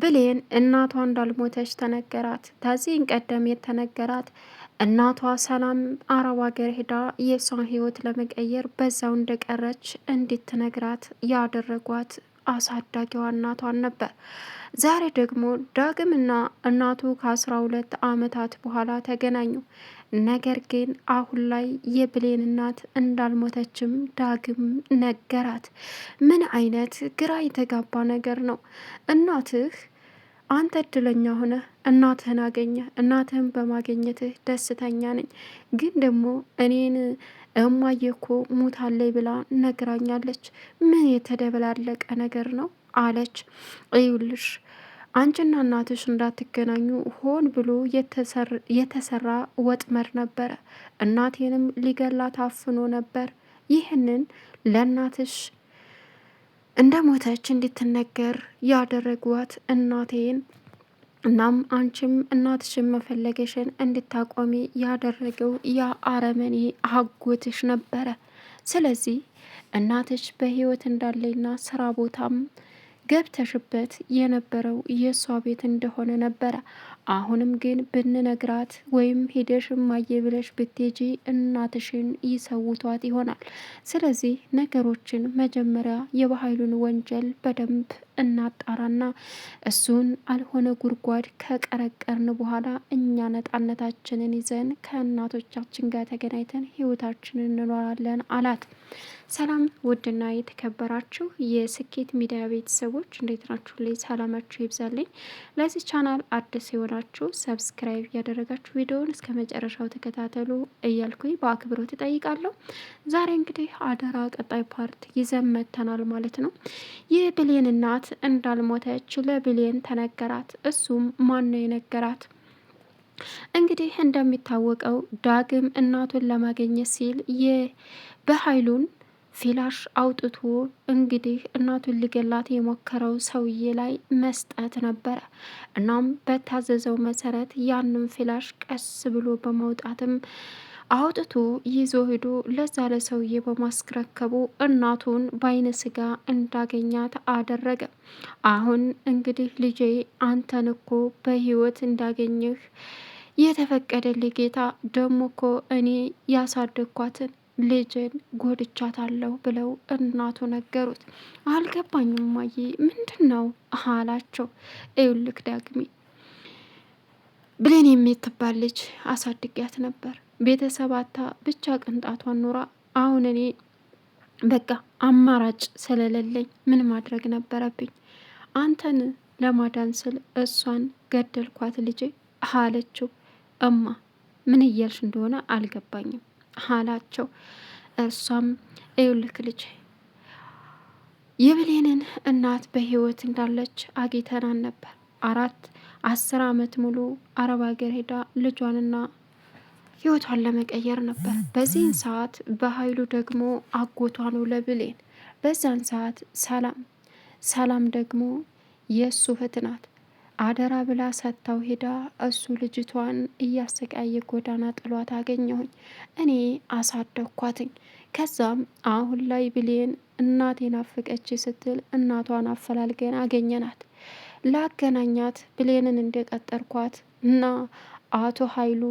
ብሌን እናቷ እንዳልሞተች ተነገራት። ከዚህን ቀደም የተነገራት እናቷ ሰላም አረብ ሀገር ሄዳ የእሷን ህይወት ለመቀየር በዛው እንደቀረች እንድትነግራት ያደረጓት አሳዳጊዋ እናቷን ነበር። ዛሬ ደግሞ ዳግምና እናቱ ከአስራ ሁለት ዓመታት በኋላ ተገናኙ። ነገር ግን አሁን ላይ የብሌን እናት እንዳልሞተችም ዳግም ነገራት። ምን አይነት ግራ የተጋባ ነገር ነው! እናትህ አንተ እድለኛ ሆነ እናትህን አገኘ። እናትህን በማገኘትህ ደስተኛ ነኝ። ግን ደግሞ እኔን እማዬ እኮ ሙታለይ ብላ ነግራኛለች። ምን የተደበላለቀ ነገር ነው አለች። እዩልሽ አንቺና እናትሽ እንዳትገናኙ ሆን ብሎ የተሰራ ወጥመድ ነበረ። እናቴንም ሊገላት አፍኖ ነበር። ይህንን ለእናትሽ እንደ ሞተች እንድትነገር ያደረጓት እናቴን እናም አንቺም እናትሽን መፈለገሽን እንድታቆሚ ያደረገው ያ አረመኔ አጎትሽ ነበረ። ስለዚህ እናትሽ በህይወት እንዳለኝና ስራ ቦታም ገብተሽበት የነበረው የእሷ ቤት እንደሆነ ነበረ። አሁንም ግን ብንነግራት ወይም ሄደሽ ማየ ብለሽ ብትጂ እናትሽን ይሰውቷት ይሆናል። ስለዚህ ነገሮችን መጀመሪያ የባህሉን ወንጀል በደንብ እናጣራና እሱን አልሆነ ጉድጓድ ከቀረቀርን በኋላ እኛ ነጣነታችንን ይዘን ከእናቶቻችን ጋር ተገናኝተን ህይወታችንን እንኖራለን አላት። ሰላም ውድና የተከበራችሁ የስኬት ሚዲያ ቤተሰቦች እንዴት ናችሁ? ላይ ሰላማችሁ ይብዛልኝ። ለዚህ ቻናል አዲስ የሆናችሁ ሰብስክራይብ እያደረጋችሁ ቪዲዮውን እስከ መጨረሻው ተከታተሉ እያልኩኝ በአክብሮት እጠይቃለሁ። ዛሬ እንግዲህ አደራ ቀጣይ ፓርት ይዘን መጥተናል ማለት ነው። ብሌን እናት እንዳልሞተች ለብሌን ተነገራት። እሱም ማን ነው የነገራት? እንግዲህ እንደሚታወቀው ዳግም እናቱን ለማግኘት ሲል የበኃይሉን ፊላሽ አውጥቶ እንግዲህ እናቱን ሊገላት የሞከረው ሰውዬ ላይ መስጠት ነበረ። እናም በታዘዘው መሰረት ያንን ፊላሽ ቀስ ብሎ በመውጣትም አውጥቶ ይዞ ሄዶ ለዛ ለሰውዬ በማስረከቡ እናቱን በአይነ ስጋ እንዳገኛት አደረገ። አሁን እንግዲህ ልጄ አንተን እኮ በህይወት እንዳገኘህ የተፈቀደልህ ጌታ ደሞ እኮ እኔ ያሳደግኳትን ልጅን ጎድቻታለሁ ብለው እናቱ ነገሩት። አልገባኝም ማዬ ምንድን ነው አላቸው። እዩልክ ዳግሜ ብሌን የምትባል ልጅ አሳድጊያት ነበር ቤተሰባታ ብቻ ቅንጣቷን ኑራ አሁን እኔ በቃ አማራጭ ስለሌለኝ ምን ማድረግ ነበረብኝ? አንተን ለማዳን ስል እሷን ገደልኳት ልጄ አለችው። እማ ምን እያልሽ እንደሆነ አልገባኝም አላቸው። እሷም እዩልክ ልጄ የብሌንን እናት በህይወት እንዳለች አግኝተናን ነበር። አራት አስር አመት ሙሉ አረብ ሀገር ሄዳ ልጇንና ህይወቷን ለመቀየር ነበር። በዚህን ሰዓት በሀይሉ ደግሞ አጎቷ ነው ለብሌን። በዛን ሰዓት ሰላም ሰላም ደግሞ የእሱ እህት ናት። አደራ ብላ ሰጥታው ሄዳ እሱ ልጅቷን እያሰቃየ ጎዳና ጥሏት አገኘሁኝ። እኔ አሳደኳትኝ። ከዛም አሁን ላይ ብሌን እናቴን አፈቀች ስትል እናቷን አፈላልገን አገኘናት። ላገናኛት ብሌንን እንደቀጠርኳት እና አቶ ሀይሉ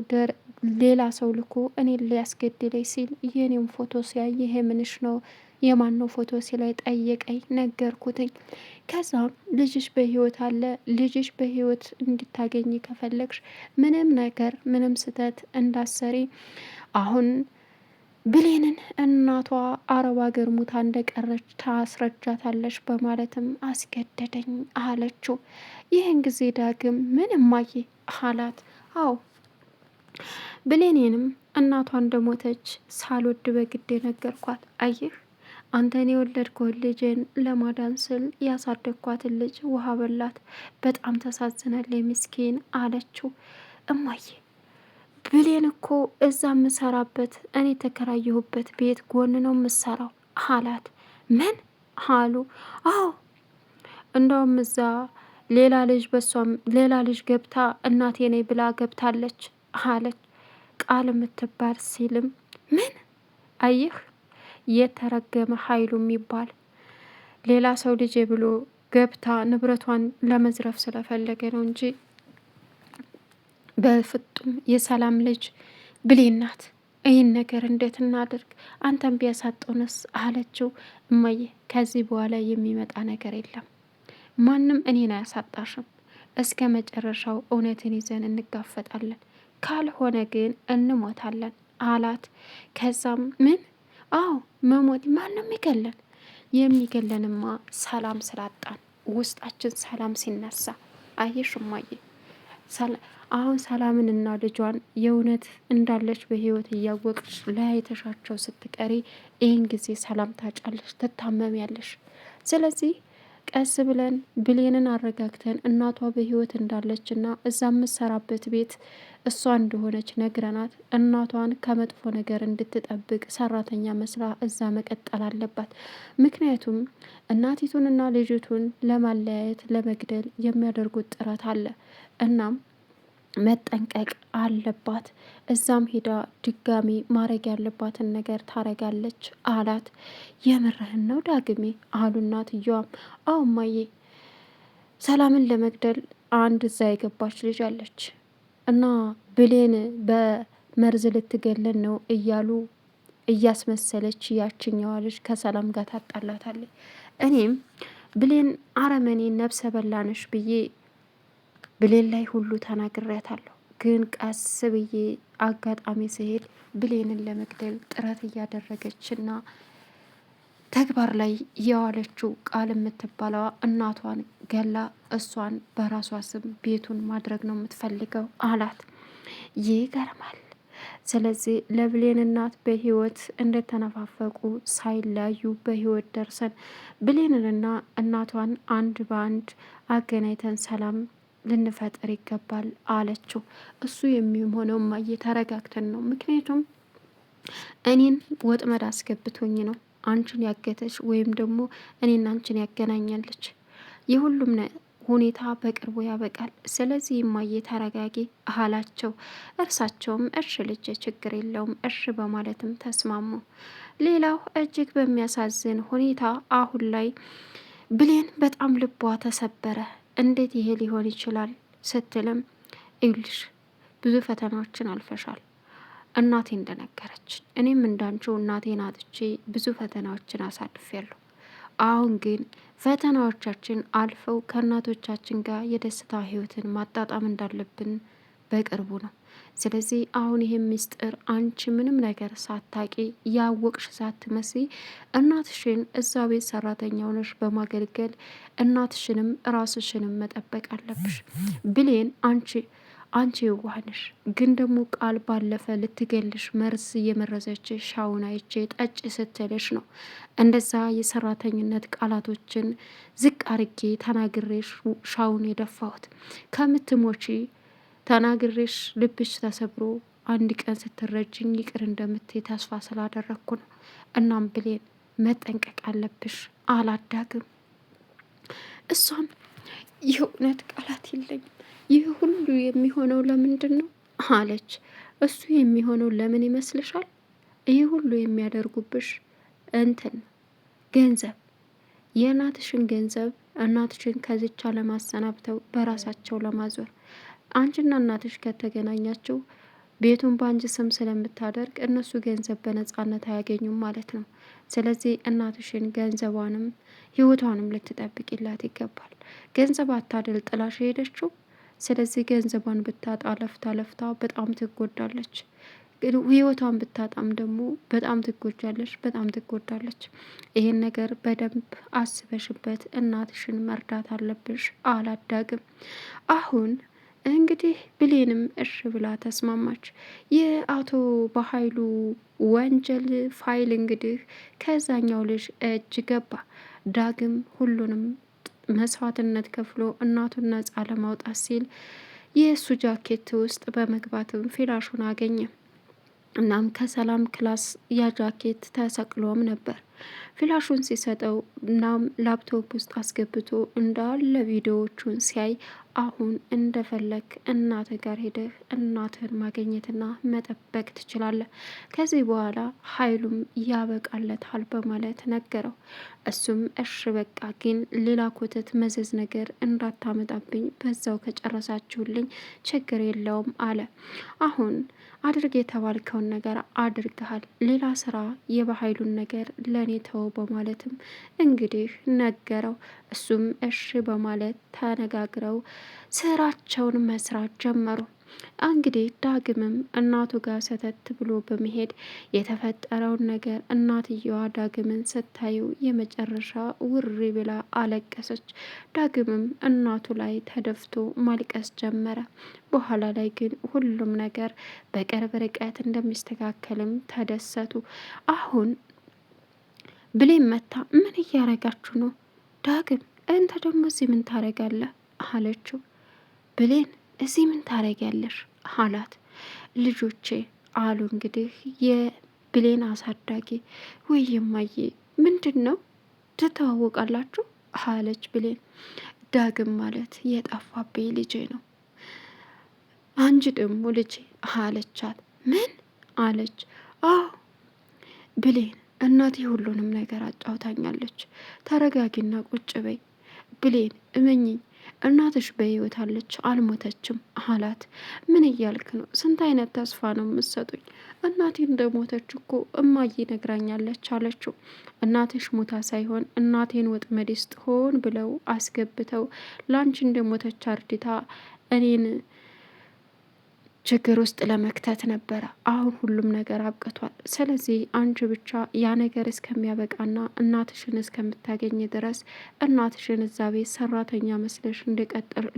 ሌላ ሰው ልኮ እኔን ሊያስገድለኝ ሲል የኔም ፎቶ ሲያይ ይሄ ምንሽ ነው የማን ነው ፎቶ ሲላይ ጠየቀኝ፣ ነገርኩትኝ። ከዛም ልጅሽ በህይወት አለ፣ ልጅሽ በህይወት እንድታገኝ ከፈለግሽ ምንም ነገር ምንም ስህተት እንዳሰሪ አሁን ብሌንን እናቷ አረብ ሀገር ሙታ እንደቀረች ታስረጃታለች በማለትም አስገደደኝ አለችው። ይህን ጊዜ ዳግም ምንም አየ አላት። አዎ ብሌኔንም እናቷ እንደሞተች ሳልወድ በግድ የነገርኳት። አየህ አንተን የወለድ ልጅን ለማዳን ስል ያሳደግኳትን ልጅ ውሃ በላት። በጣም ተሳዝናል ምስኪን አለችው። እማዬ ብሌን እኮ እዛ የምሰራበት እኔ የተከራየሁበት ቤት ጎን ነው የምሰራው አላት። ምን አሉ? አዎ እንደውም እዛ ሌላ ልጅ በሷም ሌላ ልጅ ገብታ እናቴ ነኝ ብላ ገብታለች አለች። ቃል የምትባል ሲልም ምን አየህ፣ የተረገመ ሀይሉ የሚባል ሌላ ሰው ልጄ ብሎ ገብታ ንብረቷን ለመዝረፍ ስለፈለገ ነው እንጂ በፍጡም የሰላም ልጅ ብሌናት ይህን ነገር እንዴት እናድርግ? አንተን ቢያሳጠውንስ አለችው። እማዬ ከዚህ በኋላ የሚመጣ ነገር የለም። ማንም እኔን አያሳጣሽም። እስከ መጨረሻው እውነትን ይዘን እንጋፈጣለን። ካልሆነ ግን እንሞታለን አላት። ከዛም ምን? አዎ መሞት ማንም ይገለን የሚገለንማ ሰላም ስላጣን ውስጣችን ሰላም ሲነሳ አየሽ እማዬ አሁን ሰላምን እና ልጇን የእውነት እንዳለች በህይወት እያወቅች ለያይተሻቸው ስትቀሪ ይህን ጊዜ ሰላም ታጫለሽ፣ ትታመሚያለሽ። ስለዚህ ቀስ ብለን ብሌንን አረጋግተን እናቷ እንዳለች እንዳለችና እዛ የምትሰራበት ቤት እሷ እንደሆነች ነግረናት እናቷን ከመጥፎ ነገር እንድትጠብቅ ሰራተኛ መስራ እዛ መቀጠል አለባት። ምክንያቱም እናቲቱንና ልጅቱን ለማለያየት ለመግደል የሚያደርጉት ጥረት አለ። እናም መጠንቀቅ አለባት። እዛም ሄዳ ድጋሚ ማድረግ ያለባትን ነገር ታረጋለች አላት። የምርህን ነው ዳግሜ አሉ እናትየዋም። አዎ እማዬ፣ ሰላምን ለመግደል አንድ እዛ የገባች ልጅ አለች እና ብሌን በመርዝ ልትገለን ነው እያሉ እያስመሰለች ያችኛዋ ልጅ ከሰላም ጋር ታጣላታለች። እኔም ብሌን አረመኔ ነብሰ በላነሽ ብዬ ብሌን ላይ ሁሉ ተናግሬያታለሁ። ግን ቀስ ብዬ አጋጣሚ ስሄድ ብሌንን ለመግደል ጥረት እያደረገች እና ተግባር ላይ የዋለችው ቃል የምትባለዋ እናቷን ገላ እሷን በራሷ ስም ቤቱን ማድረግ ነው የምትፈልገው አላት። ይህ ይገርማል። ስለዚህ ለብሌን እናት በህይወት እንደተነፋፈቁ ሳይለያዩ በህይወት ደርሰን ብሌንንና እናቷን አንድ በአንድ አገናኝተን ሰላም ልንፈጥር ይገባል አለችው። እሱ የሚሆነው እማዬ ተረጋግተን ነው። ምክንያቱም እኔን ወጥመድ አስገብቶኝ ነው አንቺን ያገተች ወይም ደግሞ እኔና አንቺን ያገናኛለች። የሁሉም ሁኔታ በቅርቡ ያበቃል። ስለዚህ እማዬ ተረጋጊ አላቸው። እርሳቸውም እሽ ልጄ፣ ችግር የለውም እሽ በማለትም ተስማሙ። ሌላው እጅግ በሚያሳዝን ሁኔታ አሁን ላይ ብሌን በጣም ልቧ ተሰበረ። እንዴት ይሄ ሊሆን ይችላል ስትልም ይኸውልሽ ብዙ ፈተናዎችን አልፈሻል እናቴ እንደነገረች እኔም እንዳንቺው እናቴን አጥቼ ብዙ ፈተናዎችን አሳልፌያለሁ። አሁን ግን ፈተናዎቻችን አልፈው ከእናቶቻችን ጋር የደስታ ህይወትን ማጣጣም እንዳለብን በቅርቡ ነው ስለዚህ አሁን ይህም ምስጢር አንቺ ምንም ነገር ሳታቂ ያወቅሽ ሳትመስ እናትሽን እዛ ቤት ሰራተኛ ሆነሽ በማገልገል እናትሽንም ራስሽንም መጠበቅ አለብሽ። ብሌን አንቺ አንቺ የዋህነሽ ግን ደግሞ ቃል ባለፈ ልትገልሽ መርዝ እየመረዘች ሻውን አይቼ ጠጭ ስትልሽ ነው። እንደዛ የሰራተኝነት ቃላቶችን ዝቅ አርጌ ተናግሬ ሻውን የደፋሁት ከምትሞቺ ተናግሬሽ ልብሽ ተሰብሮ አንድ ቀን ስትረጅኝ ይቅር እንደምትይ ተስፋ ስላደረግኩ ነው። እናም ብሌን መጠንቀቅ አለብሽ አላዳግም። እሷም የእውነት ቃላት የለኝም፣ ይህ ሁሉ የሚሆነው ለምንድን ነው አለች። እሱ የሚሆነው ለምን ይመስልሻል? ይህ ሁሉ የሚያደርጉብሽ እንትን ገንዘብ የእናትሽን ገንዘብ እናትሽን ከዚቻ ለማሰናብተው በራሳቸው ለማዞር አንቺና እናትሽ ከተገናኛችሁ ቤቱን በአንቺ ስም ስለምታደርግ እነሱ ገንዘብ በነጻነት አያገኙም ማለት ነው። ስለዚህ እናትሽን ገንዘቧንም ህይወቷንም ልትጠብቂላት ይገባል። ገንዘብ አታድል ጥላሽ ሄደችው። ስለዚህ ገንዘቧን ብታጣ ለፍታ ለፍታ በጣም ትጎዳለች። ህይወቷን ብታጣም ደግሞ በጣም ትጎጃለች፣ በጣም ትጎዳለች። ይሄን ነገር በደንብ አስበሽበት እናትሽን መርዳት አለብሽ። አላዳግም አሁን እንግዲህ ብሌንም እሽ ብላ ተስማማች። የአቶ በሀይሉ ወንጀል ፋይል እንግዲህ ከዛኛው ልጅ እጅ ገባ። ዳግም ሁሉንም መስዋዕትነት ከፍሎ እናቱን ነጻ ለማውጣት ሲል የእሱ ጃኬት ውስጥ በመግባትም ፊላሹን አገኘ። እናም ከሰላም ክላስ ያ ጃኬት ተሰቅሎም ነበር። ፊላሹን ሲሰጠው እናም ላፕቶፕ ውስጥ አስገብቶ እንዳለ ቪዲዮዎቹን ሲያይ አሁን እንደፈለግ እናተ ጋር ሄደህ እናትህን ማግኘትና መጠበቅ ትችላለህ። ከዚህ በኋላ ኃይሉም ያበቃለታል በማለት ነገረው። እሱም እሽ በቃ ግን ሌላ ኮተት መዘዝ ነገር እንዳታመጣብኝ በዛው ከጨረሳችሁልኝ ችግር የለውም አለ። አሁን አድርግ የተባልከውን ነገር አድርገሃል። ሌላ ስራ የበሀይሉን ነገር ለእኔ ተው በማለትም እንግዲህ ነገረው። እሱም እሺ በማለት ተነጋግረው ስራቸውን መስራት ጀመሩ። እንግዲህ ዳግምም እናቱ ጋር ሰተት ብሎ በመሄድ የተፈጠረውን ነገር እናትየዋ ዳግምን ስታየው የመጨረሻ ውሪ ብላ አለቀሰች። ዳግምም እናቱ ላይ ተደፍቶ ማልቀስ ጀመረ። በኋላ ላይ ግን ሁሉም ነገር በቅርብ ርቀት እንደሚስተካከልም ተደሰቱ። አሁን ብሌን መታ ምን እያረጋችሁ ነው? ዳግም እንተ ደግሞ እዚህ ምን ታረጋለህ? አለችው ብሌን እዚህ ምን ታረጊያለሽ አላት። ልጆቼ አሉ እንግዲህ የብሌን አሳዳጊ። ወይ የማዬ ምንድን ነው ትተዋወቃላችሁ? አለች ብሌን። ዳግም ማለት የጠፋብኝ ልጄ ነው አንቺ ደግሞ ልጄ አለቻት። ምን አለች? አዎ ብሌን እናቴ ሁሉንም ነገር አጫውታኛለች። ተረጋጊና ቁጭ በይ ብሌን፣ እመኝኝ እናትሽ በህይወት አለች አልሞተችም አላት። ምን እያልክ ነው? ስንት አይነት ተስፋ ነው የምትሰጡኝ? እናቴ እንደሞተች እኮ እማዬ ነግራኛለች አለችው። እናትሽ ሞታ ሳይሆን እናቴን ወጥመድ ውስጥ ሆን ብለው አስገብተው ላንቺ እንደሞተች አርድታ እኔን ችግር ውስጥ ለመክተት ነበረ። አሁን ሁሉም ነገር አብቅቷል። ስለዚህ አንቺ ብቻ ያ ነገር እስከሚያበቃና እናትሽን እስከምታገኝ ድረስ እናትሽን እዛ ቤት ሰራተኛ መስለሽ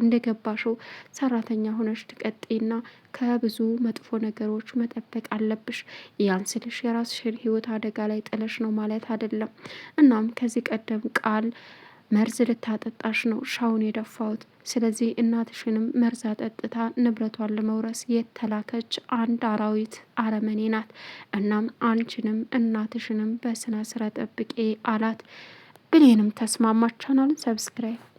እንደገባሽው ሰራተኛ ሆነሽ ትቀጤና ከብዙ መጥፎ ነገሮች መጠበቅ አለብሽ። ያን ስልሽ የራስሽን ህይወት አደጋ ላይ ጥለሽ ነው ማለት አይደለም። እናም ከዚህ ቀደም ቃል መርዝ ልታጠጣሽ ነው ሻውን የደፋሁት። ስለዚህ እናትሽንም መርዝ አጠጥታ ንብረቷን ለመውረስ የተላከች አንድ አራዊት አረመኔ ናት። እናም አንቺንም እናትሽንም በስነ ስርዓት ጠብቄ አላት። ብሌንም ተስማማቻናል። ሰብስክራይብ